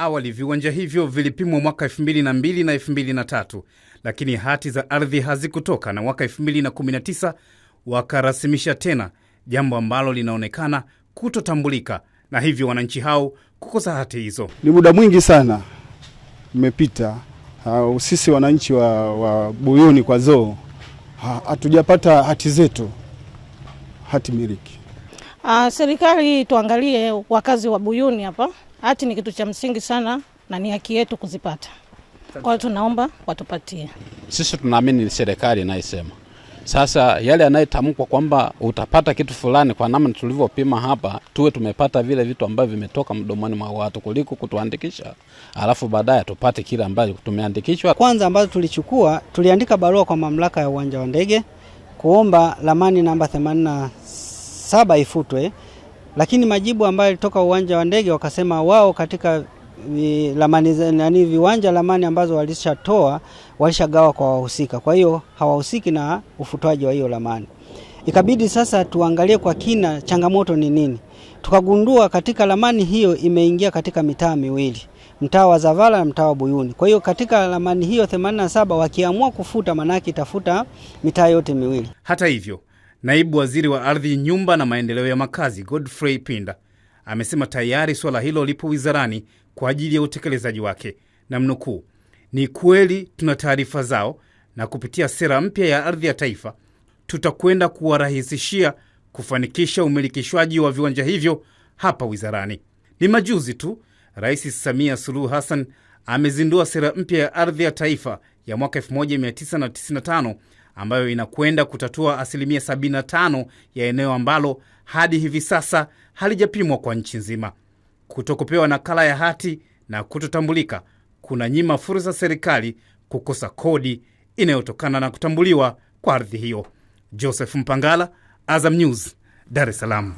Awali viwanja hivyo vilipimwa mwaka 2002 na 2003, lakini hati za ardhi hazikutoka na mwaka 2019 wakarasimisha tena, jambo ambalo linaonekana kutotambulika na hivyo wananchi hao kukosa hati hizo. Ni muda mwingi sana mmepita sisi wananchi wa, wa Buyuni kwa zoo hatujapata hati zetu, hati miliki. Ah, serikali tuangalie wakazi wa Buyuni hapa Hati ni kitu cha msingi sana na ni haki yetu kuzipata, kwa hiyo tunaomba watupatie. Sisi tunaamini ni serikali inayosema. Sasa yale anayetamkwa kwamba utapata kitu fulani, kwa namna tulivyopima hapa, tuwe tumepata vile vitu ambavyo vimetoka mdomoni mwa watu kuliko kutuandikisha, alafu baadaye tupate kile ambacho tumeandikishwa. Kwanza ambazo tulichukua, tuliandika barua kwa mamlaka ya uwanja wa ndege kuomba lamani namba 87 ifutwe lakini majibu ambayo yalitoka uwanja wa ndege wakasema wao katika eh, lamani, nani, viwanja lamani ambazo walishatoa walishagawa kwa wahusika, kwa hiyo hawahusiki na ufutwaji wa hiyo lamani. Ikabidi sasa tuangalie kwa kina changamoto ni nini. Tukagundua katika lamani hiyo imeingia katika mitaa miwili, mtaa wa Zavala na mtaa wa Buyuni. Kwa hiyo katika lamani hiyo 87 wakiamua kufuta, manake itafuta mitaa yote miwili. Hata hivyo Naibu waziri wa ardhi, nyumba na maendeleo ya makazi Godfrey Pinda amesema tayari suala hilo lipo wizarani kwa ajili ya utekelezaji wake, na mnukuu, ni kweli tuna taarifa zao na kupitia sera mpya ya ardhi ya taifa tutakwenda kuwarahisishia kufanikisha umilikishwaji wa viwanja hivyo hapa wizarani. Ni majuzi tu Rais Samia Suluhu Hassan amezindua sera mpya ya ardhi ya taifa ya mwaka 1995 ambayo inakwenda kutatua asilimia 75 ya eneo ambalo hadi hivi sasa halijapimwa kwa nchi nzima. Kutokupewa nakala ya hati na kutotambulika kuna nyima fursa serikali kukosa kodi inayotokana na kutambuliwa kwa ardhi hiyo. Joseph Mpangala, Azam News, Dar es Salaam.